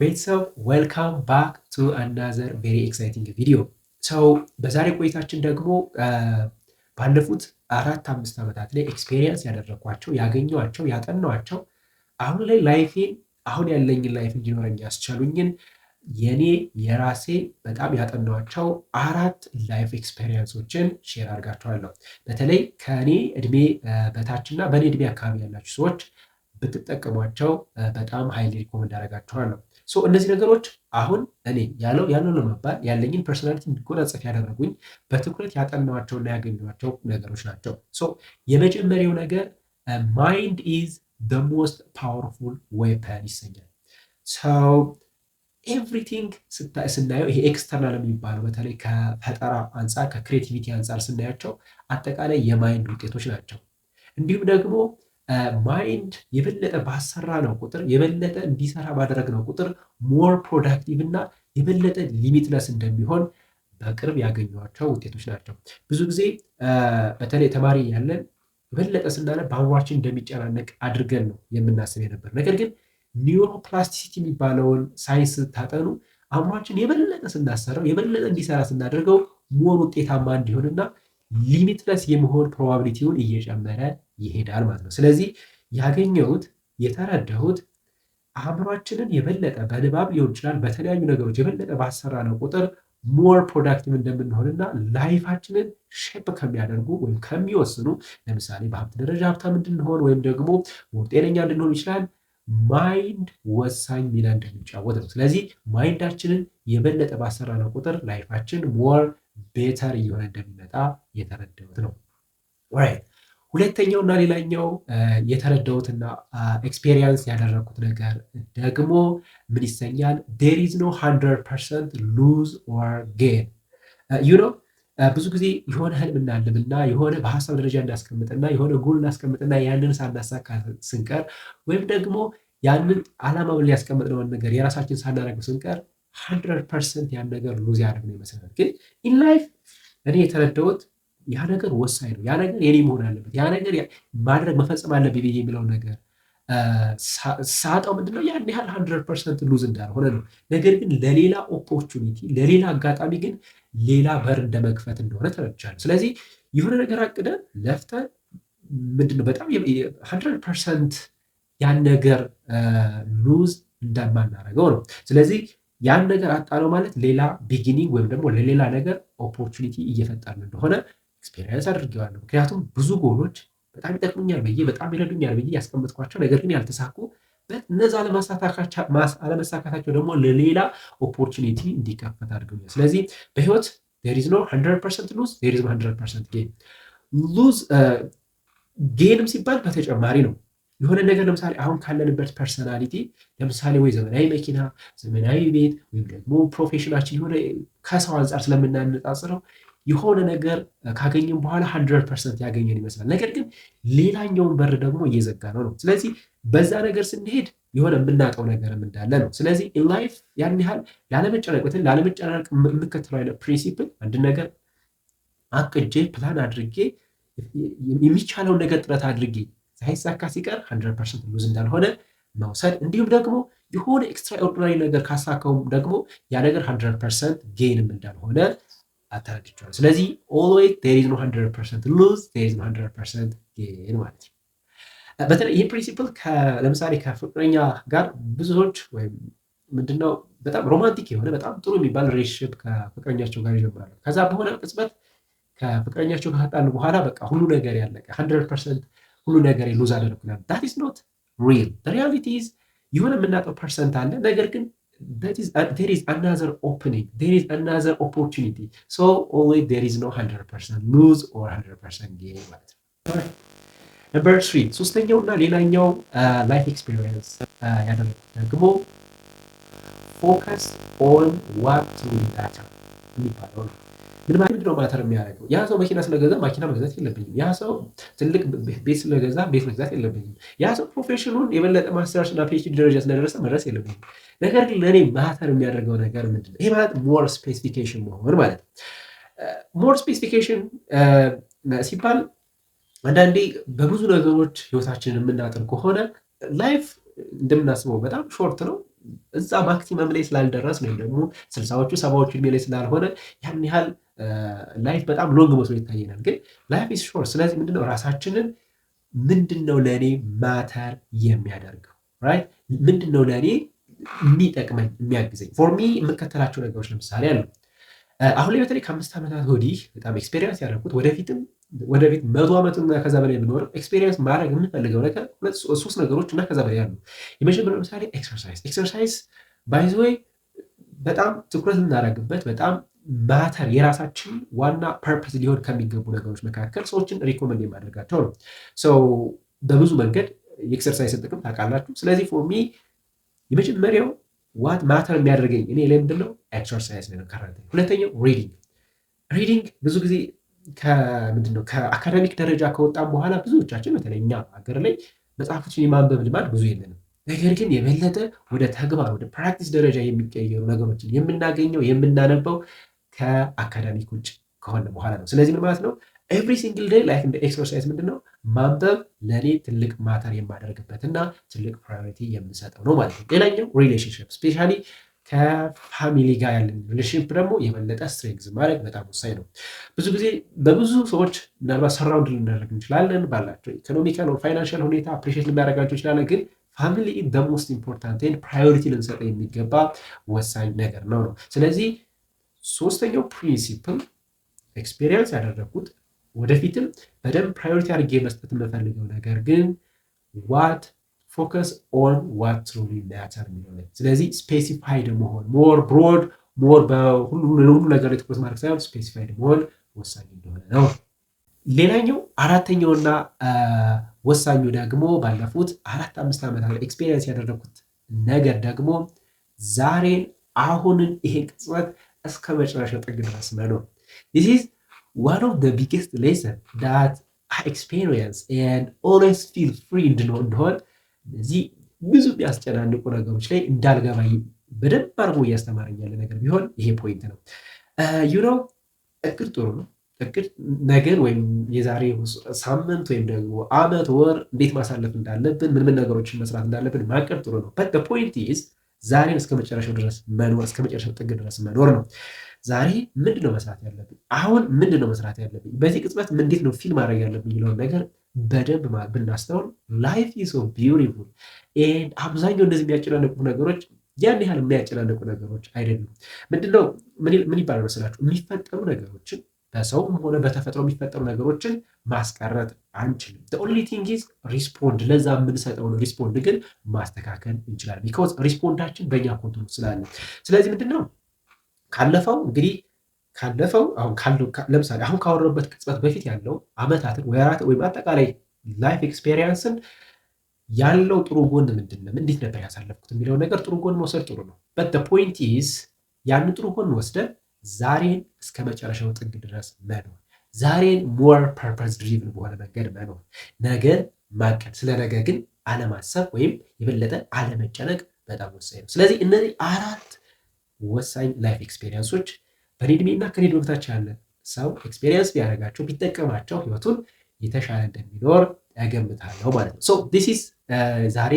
ቤተሰብ ዌልካም ባክ ቱ አናዘር ቬሪ ኤክሳይቲንግ ቪዲዮ። ሰው በዛሬ ቆይታችን ደግሞ uh, ባለፉት አራት አምስት ዓመታት ላይ ኤክስፔሪየንስ ያደረግኳቸው ያገኘኋቸው ያጠናኋቸው አሁን ላይ ላይፌን አሁን ያለኝን ላይፍ እንዲኖረኝ ያስቻሉኝን የኔ የራሴ በጣም ያጠናኋቸው አራት ላይፍ ኤክስፔሪየንሶችን ሼር አድርጋችኋለሁ። በተለይ ከእኔ እድሜ uh, በታችና በእኔ እድሜ አካባቢ ያላችሁ ሰዎች ብትጠቀሟቸው uh, በጣም ሀይሊ ሪኮመንድ አደርጋችኋለሁ። ሶ እነዚህ ነገሮች አሁን እኔ ያለው ያለው ለመባል ያለኝን ፐርሶናሊቲ እንዲጎናጸፍ ያደረጉኝ በትኩረት ያጠናኋቸውና ያገኟቸው ነገሮች ናቸው። የመጀመሪያው ነገር ማይንድ ኢዝ ደ ሞስት ፓወርፉል ዌፐን ይሰኛል። ሰው ኤቭሪቲንግ ስናየው ይሄ ኤክስተርናል የሚባለው በተለይ ከፈጠራ አንጻር ከክሬቲቪቲ አንጻር ስናያቸው አጠቃላይ የማይንድ ውጤቶች ናቸው። እንዲሁም ደግሞ ማይንድ የበለጠ ባሰራ ነው ቁጥር የበለጠ እንዲሰራ ባደረግ ነው ቁጥር ሞር ፕሮዳክቲቭ እና የበለጠ ሊሚትለስ እንደሚሆን በቅርብ ያገኟቸው ውጤቶች ናቸው። ብዙ ጊዜ በተለይ ተማሪ ያለን የበለጠ ስናለ በአእምሯችን እንደሚጨናነቅ አድርገን ነው የምናስብ የነበር። ነገር ግን ኒውሮፕላስቲሲቲ የሚባለውን ሳይንስ ስታጠኑ አእምሯችን የበለጠ ስናሰረው የበለጠ እንዲሰራ ስናደርገው ሞር ውጤታማ እንዲሆንና ሊሚትለስ የመሆን ፕሮባቢሊቲውን እየጨመረ ይሄዳል ማለት ነው። ስለዚህ ያገኘሁት የተረዳሁት አእምሯችንን የበለጠ በንባብ ሊሆን ይችላል፣ በተለያዩ ነገሮች የበለጠ ነው ቁጥር ሞር ፕሮዳክቲቭ እንደምንሆንና ላይፋችንን ሼፕ ከሚያደርጉ ወይም ከሚወስኑ ለምሳሌ በሀብት ደረጃ ሀብታም እንድንሆን ወይም ደግሞ ጤነኛ እንድንሆን ይችላል ማይንድ ወሳኝ ሚና እንደሚጫወት ነው። ስለዚህ ማይንዳችንን የበለጠ ባሰራነው ቁጥር ላይፋችን ሞር ቤተር እየሆነ እንደሚመጣ የተረዳሁት ነው። ሁለተኛውና ሌላኛው uh, የተረዳውትና ኤክስፔሪየንስ uh, ያደረግኩት ነገር ደግሞ ምን ይሰኛል? ዴር ኢዝ ኖ ሃንድረድ ፐርሰንት ሉዝ ኦር ጌን ዩ ነው። ብዙ ጊዜ የሆነ ህልም እናልምና የሆነ በሀሳብ ደረጃ እናስቀምጥና የሆነ ጎል እናስቀምጥና ያንን ሳናሳካ ስንቀር ወይም ደግሞ ያንን አላማ ብለን ያስቀመጥነውን ነገር የራሳችን ሳናደርገው ስንቀር ሀንድረድ ፐርሰንት ያን ነገር ሉዝ ያደርግ ነው ይመስላል። ግን ኢንላይፍ እኔ የተረዳሁት ያ ነገር ወሳኝ ነው። ያ ነገር የኔ መሆን አለበት፣ ያ ነገር ማድረግ መፈጸም አለብኝ ብዬ የሚለው ነገር ሳጣው ምንድነው ያን ያህል ሀንድረድ ፐርሰንት ሉዝ እንዳልሆነ ነው። ነገር ግን ለሌላ ኦፖርቹኒቲ፣ ለሌላ አጋጣሚ ግን ሌላ በር እንደመክፈት እንደሆነ ተረድቻለሁ። ስለዚህ የሆነ ነገር አቅደን ለፍተን ምንድነው በጣም ሀንድረድ ፐርሰንት ያን ነገር ሉዝ እንደማናደርገው ነው። ስለዚህ ያን ነገር አጣነው ማለት ሌላ ቢጊኒንግ ወይም ደግሞ ለሌላ ነገር ኦፖርቹኒቲ እየፈጠርን እንደሆነ ኤክስፔሪንስ አድርጌዋለሁ። ምክንያቱም ብዙ ጎሎች በጣም ይጠቅሙኛል ብዬ በጣም ይረዱኛል ብዬ ያስቀምጥኳቸው ነገር ግን ያልተሳኩ እነዛ አለመሳካታቸው ደግሞ ለሌላ ኦፖርቹኒቲ እንዲከፈት አድርገኛል። ስለዚህ በህይወት ዜር ኖ ሀንድረድ ሉዝ ዜር ኢዝ ጌን ሉዝ ጌንም ሲባል በተጨማሪ ነው። የሆነ ነገር ለምሳሌ አሁን ካለንበት ፐርሰናሊቲ ለምሳሌ ወይ ዘመናዊ መኪና፣ ዘመናዊ ቤት ወይም ደግሞ ፕሮፌሽናችን የሆነ ከሰው አንጻር ስለምናነጻጽረው የሆነ ነገር ካገኘን በኋላ ሀንድረድ ፐርሰንት ያገኘን ይመስላል። ነገር ግን ሌላኛውን በር ደግሞ እየዘጋ ነው ነው። ስለዚህ በዛ ነገር ስንሄድ የሆነ የምናጠው ነገርም እንዳለ ነው። ስለዚህ ኢንላይፍ ያን ያህል ላለመጨነቅ በትን ላለመጨነቅ የምከተለው አይነት ፕሪንሲፕል አንድ ነገር አቅጄ ፕላን አድርጌ የሚቻለውን ነገር ጥረት አድርጌ ሳይሳካ ሲቀር 100 ሉዝ እንዳልሆነ መውሰድ እንዲሁም ደግሞ የሆነ ኤክስትራኦርዲናሪ ነገር ካሳካውም ደግሞ ያ ነገር 100 ጌንም እንዳልሆነ አተረድቻለሁ። ስለዚህ ኦልዌይዝ ዜር ኢዝ ኖ 100 ሉዝ ዜር ኢዝ ኖ 100 ጌን ማለት ነው። በተለይ ይህ ፕሪንሲፕል ለምሳሌ ከፍቅረኛ ጋር ብዙዎች ወይም ምንድነው በጣም ሮማንቲክ የሆነ በጣም ጥሩ የሚባል ሬሽፕ ከፍቅረኛቸው ጋር ይጀምራሉ። ከዛ በሆነ ቅጽበት ከፍቅረኛቸው ከጣሉ በኋላ በቃ ሁሉ ነገር ያለቀ ሀንድረድ ሁሉ ነገር ሉዝ አደረግኩናል። ዳት ኢዝ ኖት ሪል ሪያሊቲ ኢዝ የሆነ የምናውቀው ፐርሰንት አለ። ነገር ግን ዜር ኢዝ አናዘር ኦፕኒንግ ዜር ኢዝ አናዘር ኦፖርቹኒቲ ሶ ኦልዌይዝ ዜር ኢዝ ኖ ሀንድረድ ፐርሰንት ሉዝ ኦር ሀንድረድ ፐርሰንት ጌን ማለት ነው። ነምበር ትሪ ሶስተኛው እና ሌላኛው ላይፍ ኤክስፔሪንስ ያደረጉት ደግሞ ፎከስ ኦን ዋት ቱ ዳታ የሚባለው ነው። ምን ማለት ነው ማተር የሚያደርገው? ያ ሰው መኪና ስለገዛ መኪና መግዛት የለብኝም። ያ ሰው ትልቅ ቤት ስለገዛ ቤት መግዛት የለብኝም። ያ ሰው ፕሮፌሽኑን የበለጠ ማስተርስ እና ፒኤችዲ ደረጃ ስለደረሰ መድረስ የለብኝም። ነገር ግን ለእኔ ማተር የሚያደርገው ነገር ምንድን ነው? ይሄ ማለት ሞር ስፔሲፊኬሽን መሆን ማለት ነው። ሞር ስፔሲፊኬሽን ሲባል አንዳንዴ በብዙ ነገሮች ህይወታችንን የምናጥር ከሆነ ላይፍ እንደምናስበው በጣም ሾርት ነው እዛ ማክሲመም ላይ ስላልደረስ ወይም ደግሞ ስልሳዎቹ ሰባዎቹ እድሜ ላይ ስላልሆነ ያን ያህል ላይፍ በጣም ሎንግ መስሎ ይታየናል፣ ግን ላይፍ ኢስ ሾርት። ስለዚህ ምንድነው ራሳችንን ምንድነው ለእኔ ማተር የሚያደርገው ራይት? ምንድነው ለእኔ የሚጠቅመኝ የሚያግዘኝ? ፎር ሚ የምከተላቸው ነገሮች ለምሳሌ አሉ። አሁን ላይ በተለይ ከአምስት ዓመታት ወዲህ በጣም ኤክስፔሪንስ ያደረኩት ወደፊትም ወደፊት መቶ ዓመት እና ከዛ በላይ የምኖረው ኤክስፔሪንስ ማድረግ የምንፈልገው ነገር ሶስት ነገሮች እና ከዛ በላይ አሉ። የመጀመሪያው ለምሳሌ ኤክሰርሳይዝ ኤክሰርሳይዝ ባይዘወይ በጣም ትኩረት ልናደርግበት በጣም ማተር የራሳችን ዋና ፐርፐስ ሊሆን ከሚገቡ ነገሮች መካከል ሰዎችን ሪኮመንድ የማደርጋቸው ነው። ሰው በብዙ መንገድ የኤክሰርሳይስን ጥቅም ታውቃላችሁ። ስለዚህ ፎር ሚ የመጀመሪያው ዋት ማተር የሚያደርገኝ እኔ ላይ ምንድነው ኤክሰርሳይዝ ነው። ሁለተኛው ሪዲንግ ሪዲንግ ብዙ ጊዜ ምንድነው ከአካዳሚክ ደረጃ ከወጣም በኋላ ብዙዎቻችን በተለይ እኛ ሀገር ላይ መጽሐፎችን የማንበብ ልማድ ብዙ የለንም። ነገር ግን የበለጠ ወደ ተግባር ወደ ፕራክቲስ ደረጃ የሚቀየሩ ነገሮችን የምናገኘው የምናነበው ከአካዳሚክ ውጭ ከሆነ በኋላ ነው። ስለዚህ ምን ማለት ነው? ኤቭሪ ሲንግል ዴይ ላይክ እንደ ኤክሰርሳይዝ ምንድን ነው ማንበብ ለእኔ ትልቅ ማተር የማደርግበት እና ትልቅ ፕራዮሪቲ የምሰጠው ነው ማለት ነው። ሌላኛው ሪሌሽንሽፕ ስፔሻሊ ከፋሚሊ ጋር ያለን ሪሌሽንሽፕ ደግሞ የበለጠ ስትሬንግዝ ማድረግ በጣም ወሳኝ ነው። ብዙ ጊዜ በብዙ ሰዎች ምናልባት ሰራውንድ ልናደርግ እንችላለን፣ ባላቸው ኢኮኖሚካል ወር ፋይናንሻል ሁኔታ አፕሪሺየት ልናደርጋቸው እንችላለን። ግን ፋሚሊ ደ ሞስት ኢምፖርታንት ፕራዮሪቲ ልንሰጠ የሚገባ ወሳኝ ነገር ነው ነው ስለዚህ ሶስተኛው ፕሪንሲፕል ኤክስፔሪንስ ያደረግኩት ወደፊትም በደንብ ፕራዮሪቲ አድርጌ መስጠት የምፈልገው ነገር ግን ዋት ፎከስ ኦን ዋት ትሩሊ ማተር የሚለው ስለዚህ ስፔሲፋይድ መሆን ሞር ብሮድ ሞር በሁሉ ነገር ላይ ትኩረት ማድረግ ሳይሆን ስፔሲፋይድ መሆን ወሳኝ እንደሆነ ነው። ሌላኛው አራተኛውና ወሳኙ ደግሞ ባለፉት አራት አምስት ዓመታት ኤክስፔሪንስ ያደረግኩት ነገር ደግሞ ዛሬን አሁንን ይሄ ቅጽበት እስከ መጨረሻ ጥግ ድረስ መኖር ዚስ ኢዝ ዋን ኦፍ ዘ ቢጌስት ሌሰን ዳት ኤክስፔሪንስ ኤንድ ኦልዌይስ ፊል ፍሪ እንድንሆን እንደሆን እነዚህ ብዙ የሚያስጨናንቁ ነገሮች ላይ እንዳልገባ በደንብ አድርጎ እያስተማረኝ ያለ ነገር ቢሆን ይሄ ፖይንት ነው። ዩ uh, ነው እቅድ ጥሩ ነው። እቅድ ነገን ወይም የዛሬ ሳምንት ወይም ደግሞ አመት፣ ወር እንዴት ማሳለፍ እንዳለብን ምን ምን ነገሮችን መስራት እንዳለብን ማቀድ ጥሩ ነው። በት ፖይንት ኢዝ ዛሬን እስከ መጨረሻው ድረስ መኖር እስከ መጨረሻው ጥግ ድረስ መኖር ነው። ዛሬ ምንድን ነው መስራት ያለብኝ? አሁን ምንድን ነው መስራት ያለብኝ? በዚህ ቅጽበት እንዴት ነው ፊል ማድረግ ያለብኝ የሚለውን ነገር በደንብ ብናስተውል ላይፍ ኢዝ ሶ ቢዩቲፉል። አብዛኛው እንደዚህ የሚያጨናነቁ ነገሮች ያን ያህል የሚያጨናነቁ ነገሮች አይደሉም። ምንድነው ምን ይባላል መስላችሁ የሚፈጠሩ ነገሮችን በሰውም ሆነ በተፈጥሮ የሚፈጠሩ ነገሮችን ማስቀረት አንችልም። ኦንሊ ቲንግ ኢዝ ሪስፖንድ፣ ለዛ የምንሰጠውን ሪስፖንድ ግን ማስተካከል እንችላለን። ቢኮዝ ሪስፖንዳችን በእኛ ኮንትሮል ስላለ። ስለዚህ ምንድን ነው ካለፈው እንግዲህ ካለፈው ለምሳሌ አሁን ካወረበት ቅጽበት በፊት ያለው አመታትን ወራት ወይም አጠቃላይ ላይፍ ኤክስፔሪየንስን ያለው ጥሩ ጎን ምንድን ነው፣ እንዴት ነበር ያሳለፍኩት የሚለው ነገር ጥሩ ጎን መውሰድ ጥሩ ነው። በት ፖይንት ኢዝ ያን ጥሩ ጎን ወስደን ዛሬን እስከ መጨረሻው ጥግ ድረስ መኖር፣ ዛሬን ሞር ፐርፐስ ድሪቭን በሆነ መንገድ መኖር፣ ነገን ማቀድ፣ ስለ ነገ ግን አለማሰብ ወይም የበለጠ አለመጨነቅ በጣም ወሳኝ ነው። ስለዚህ እነዚህ አራት ወሳኝ ላይፍ ኤክስፔሪየንሶች በኔ ዕድሜና ከኔ በታች ያለ ሰው ኤክስፔሪንስ ቢያደርጋቸው ቢጠቀማቸው ህይወቱን የተሻለ እንደሚኖር ያገምታለው ማለት ነው። ሶ ኢዝ uh, ዛሬ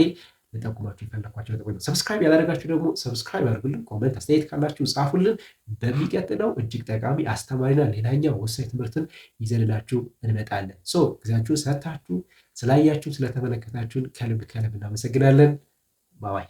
ልጠቁማቸው የፈለኳቸው ነጥቦች። ሰብስክራይብ ያላደረጋችሁ ደግሞ ሰብስክራይብ አድርጉልን። ኮመንት አስተያየት ካላችሁ ጻፉልን። በሚቀጥለው እጅግ ጠቃሚ አስተማሪና ሌላኛው ወሳኝ ትምህርትን ይዘንላችሁ እንመጣለን። ሶ ጊዜያችሁን ሰታችሁ ስላያችሁ ስለተመለከታችሁን ከልብ ከልብ እናመሰግናለን። ባባይ